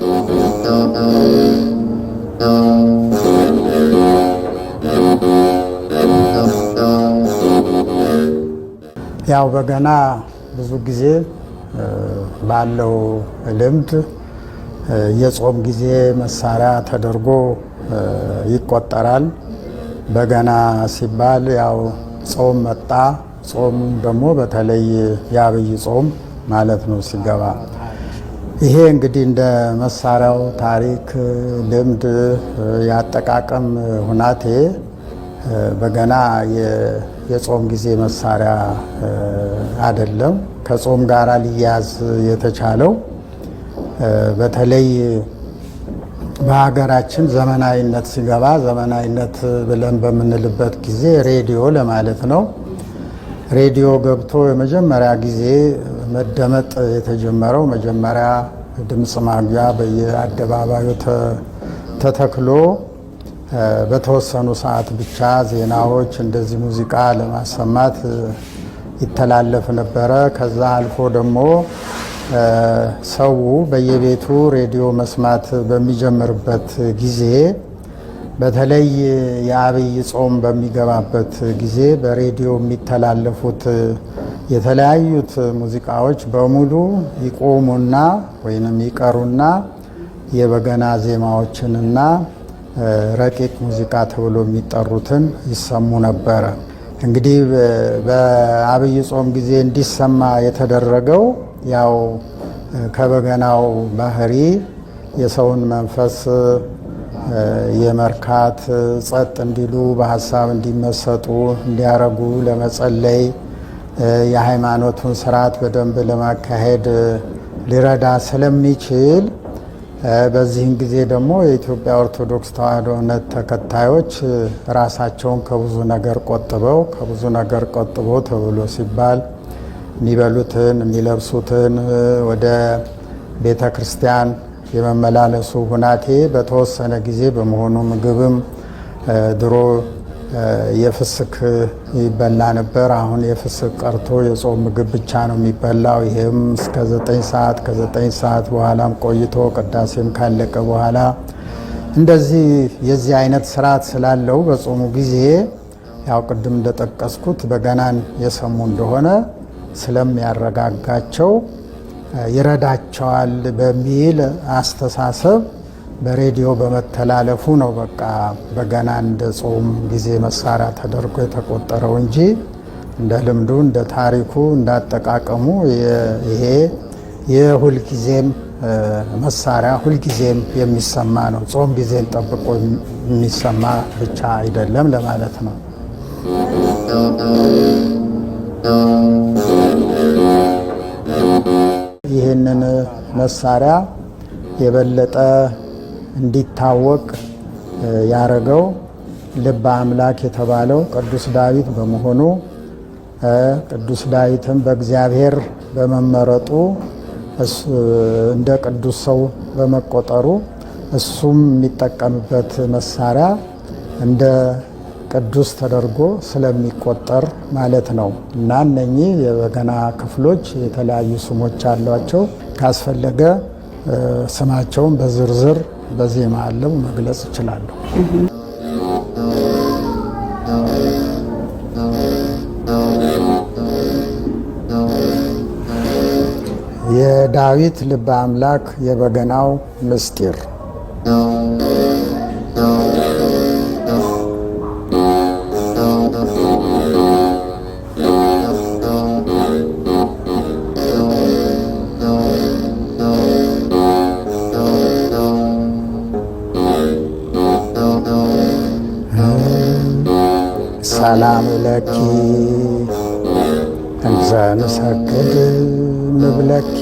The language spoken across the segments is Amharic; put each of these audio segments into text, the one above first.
ያው በገና ብዙ ጊዜ ባለው ልምድ የጾም ጊዜ መሳሪያ ተደርጎ ይቆጠራል። በገና ሲባል ያው ጾም መጣ። ጾም ደግሞ በተለይ የአብይ ጾም ማለት ነው ሲገባ ይሄ እንግዲህ እንደ መሳሪያው ታሪክ፣ ልምድ፣ የአጠቃቀም ሁናቴ በገና የጾም ጊዜ መሳሪያ አይደለም። ከጾም ጋር ሊያያዝ የተቻለው በተለይ በሀገራችን ዘመናዊነት ሲገባ ዘመናዊነት ብለን በምንልበት ጊዜ ሬዲዮ ለማለት ነው። ሬዲዮ ገብቶ የመጀመሪያ ጊዜ መደመጥ የተጀመረው መጀመሪያ ድምፅ ማጉያ በየአደባባዩ ተተክሎ በተወሰኑ ሰዓት ብቻ ዜናዎች፣ እንደዚህ ሙዚቃ ለማሰማት ይተላለፍ ነበረ። ከዛ አልፎ ደግሞ ሰው በየቤቱ ሬዲዮ መስማት በሚጀምርበት ጊዜ በተለይ የአብይ ጾም በሚገባበት ጊዜ በሬዲዮ የሚተላለፉት የተለያዩት ሙዚቃዎች በሙሉ ይቆሙና ወይንም ይቀሩና የበገና ዜማዎችንና ረቂቅ ሙዚቃ ተብሎ የሚጠሩትን ይሰሙ ነበረ። እንግዲህ በአብይ ጾም ጊዜ እንዲሰማ የተደረገው ያው ከበገናው ባህሪ የሰውን መንፈስ የመርካት ጸጥ እንዲሉ በሀሳብ እንዲመሰጡ እንዲያረጉ ለመጸለይ የሃይማኖቱን ስርዓት በደንብ ለማካሄድ ሊረዳ ስለሚችል በዚህን ጊዜ ደግሞ የኢትዮጵያ ኦርቶዶክስ ተዋሕዶ እምነት ተከታዮች ራሳቸውን ከብዙ ነገር ቆጥበው ከብዙ ነገር ቆጥቦ ተብሎ ሲባል የሚበሉትን የሚለብሱትን ወደ ቤተ ክርስቲያን የመመላለሱ ሁናቴ በተወሰነ ጊዜ በመሆኑ ምግብም ድሮ የፍስክ ይበላ ነበር። አሁን የፍስክ ቀርቶ የጾም ምግብ ብቻ ነው የሚበላው። ይህም እስከ ዘጠኝ ሰዓት ከዘጠኝ ሰዓት በኋላም ቆይቶ ቅዳሴም ካለቀ በኋላ እንደዚህ የዚህ አይነት ስርዓት ስላለው በጾሙ ጊዜ ያው ቅድም እንደጠቀስኩት በገናን የሰሙ እንደሆነ ስለሚያረጋጋቸው ይረዳቸዋል በሚል አስተሳሰብ በሬዲዮ በመተላለፉ ነው። በቃ በገና እንደ ጾም ጊዜ መሳሪያ ተደርጎ የተቆጠረው እንጂ እንደ ልምዱ፣ እንደ ታሪኩ፣ እንዳጠቃቀሙ ይሄ የሁልጊዜም መሳሪያ ሁልጊዜም የሚሰማ ነው። ጾም ጊዜን ጠብቆ የሚሰማ ብቻ አይደለም ለማለት ነው። ይህንን መሳሪያ የበለጠ እንዲታወቅ ያረገው ልበ አምላክ የተባለው ቅዱስ ዳዊት በመሆኑ ቅዱስ ዳዊትም በእግዚአብሔር በመመረጡ እንደ ቅዱስ ሰው በመቆጠሩ እሱም የሚጠቀምበት መሳሪያ እንደ ቅዱስ ተደርጎ ስለሚቆጠር ማለት ነው። እና እነኚህ የበገና ክፍሎች የተለያዩ ስሞች አሏቸው ካስፈለገ ስማቸውን በዝርዝር በዜማ አለው መግለጽ እችላለሁ። የዳዊት ልበ አምላክ የበገናው ምስጢር ሰላም ለኪ እንዘንሰግድ ንብለኪ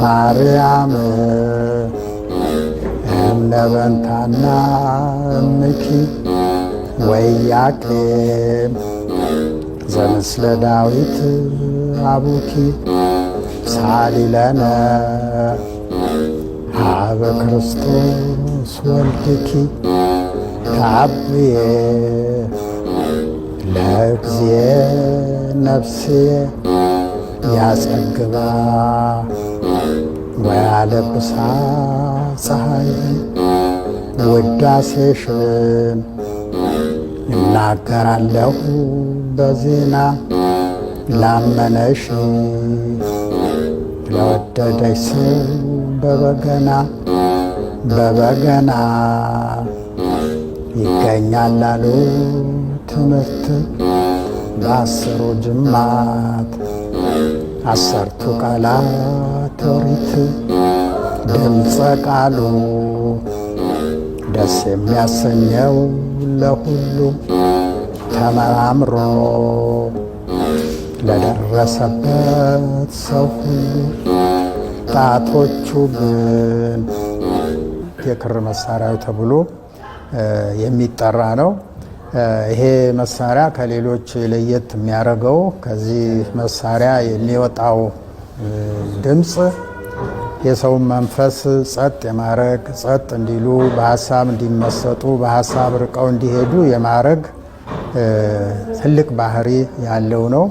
ማርያም እምነበንታና እምኪ ወያቄም ዘምስለ ዳዊት አቡኪ ሳሊለነ አበ ክርስቶስ ወልድኪ ታብዬ ዜ ነፍሴ ያጸግባ ወያለብሳ ፀሐይ ውዳሴሽን እናገራለሁ በዜና ላመነሽ ለወደደች ሰው በበገና በበገና ይገኛል ላሉ ትምህርት በአስሩ ጅማት አሰርቱ ቃላት ኦሪት ድምፀ ቃሉ ደስ የሚያሰኘው ለሁሉ ተመራምሮ ለደረሰበት ሰው ሁሉ ጣቶቹ ግን የክር መሳሪያው ተብሎ የሚጠራ ነው። ይሄ መሳሪያ ከሌሎች ለየት የሚያደርገው ከዚህ መሳሪያ የሚወጣው ድምፅ የሰውን መንፈስ ጸጥ የማድረግ ጸጥ እንዲሉ በሀሳብ እንዲመሰጡ በሀሳብ ርቀው እንዲሄዱ የማድረግ ትልቅ ባህሪ ያለው ነው።